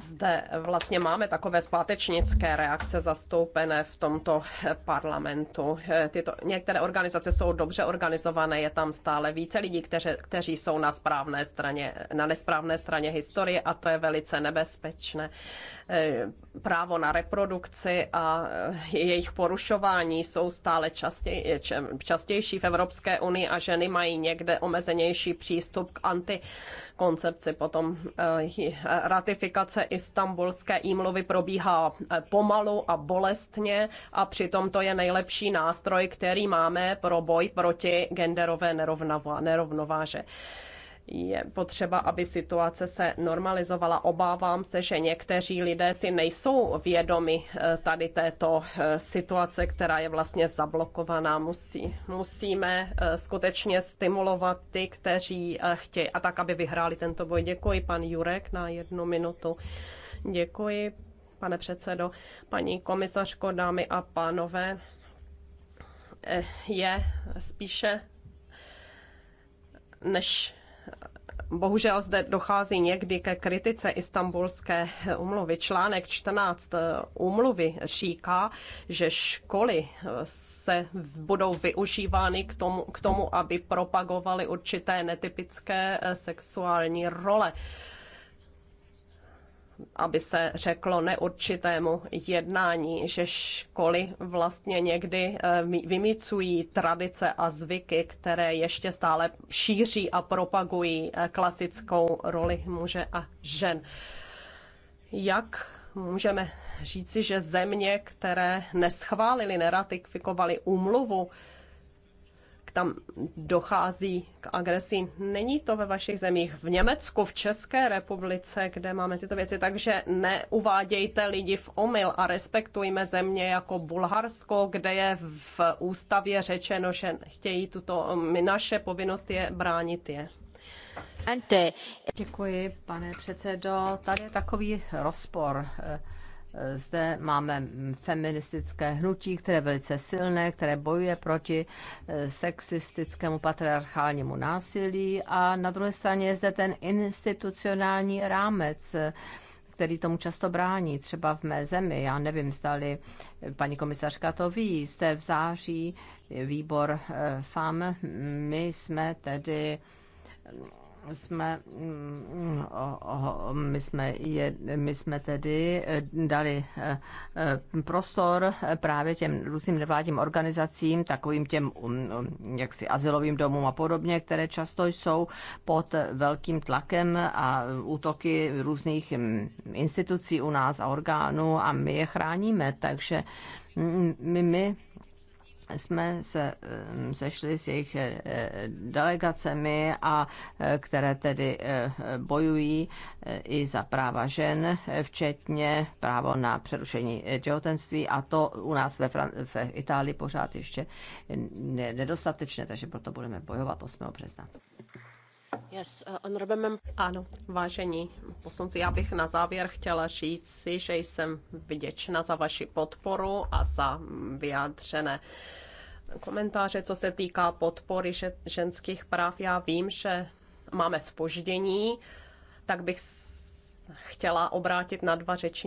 zde vlastně máme takové zpátečnické reakce zastoupené v tomto parlamentu. Tyto, některé organizace jsou dobře organizované, je tam stále více lidí, kteři, kteří jsou na správné straně, na nesprávné straně historie a to je velice nebezpečné. Eh, právo na reprodukci a eh, jejich porušování jsou stále častěj, častější v Evropské unii a ženy mají někde omezenější přístup k anti koncepci. Potom eh, ratifikace istambulské ímluvy probíhá eh, pomalu a bolestně a přitom to je nejlepší nástroj, který máme pro boj proti genderové nerovnováže je potřeba, aby situace se normalizovala. Obávám se, že někteří lidé si nejsou vědomi eh, tady této eh, situace, která je vlastně zablokovaná. Musí, musíme eh, skutečně stimulovat ty, kteří chtějí, a tak, aby vyhráli tento boj. Děkuji, pan Jurek, na jednu minutu. Děkuji, pane předsedo, paní komisařko, dámy a pánové. Je spíše než Bohužel zde dochází někdy ke kritice istambulské umluvy. Článek 14 umluvy říká, že školy se budou využívány k tomu, k tomu aby propagovaly určité netypické sexuální role aby se řeklo neurčitému jednání, že školy vlastně někdy eh, vymicují tradice a zvyky, které ještě stále šíří a propagují eh, klasickou roli muže a žen. Jak můžeme říci, že země, které neschválili, neratifikovali úmluvu, tam dochází k agresi. Není to ve vašich zemích, v Německu, v České republice, kde máme tyto věci, takže neuvádějte lidi v omyl a respektujme země jako Bulharsko, kde je v ústavě řečeno, že chtějí tuto, um, naše povinnost je bránit je. Děkuji, pane předsedo. Tady je takový rozpor
zde máme feministické hnutí, které je velice silné, které bojuje proti eh, sexistickému patriarchálnímu násilí a na druhé straně je zde ten institucionální rámec, který tomu často brání, třeba v mé zemi. Já nevím, zdali paní komisařka to ví, jste v září výbor eh, FAM, my jsme tedy jsme, mm, my jsme, je, my jsme tedy eh, dali eh, prostor eh, právě těm různým nevládním organizacím, takovým těm um, um, jaksi asilovým domům a podobně, které často jsou pod velkým tlakem a útoky různých mm, institucí u nás a orgánů a my je chráníme, takže mm, my, my jsme se sešli s jejich eh, delegacemi a eh, které tedy eh, bojují i za práva žen, včetně právo na přerušení těhotenství a to u nás ve, Fran- v Itálii pořád ještě nedostatečné, takže proto budeme bojovat 8. března.
Uh, ano, vážení poslanci, já bych na závěr chtěla říct si, že jsem vděčna za vaši podporu a za vyjádřené komentáře, co se týká podpory ženských práv. Já vím, že máme spoždění, tak bych chtěla obrátit na dva řečníky.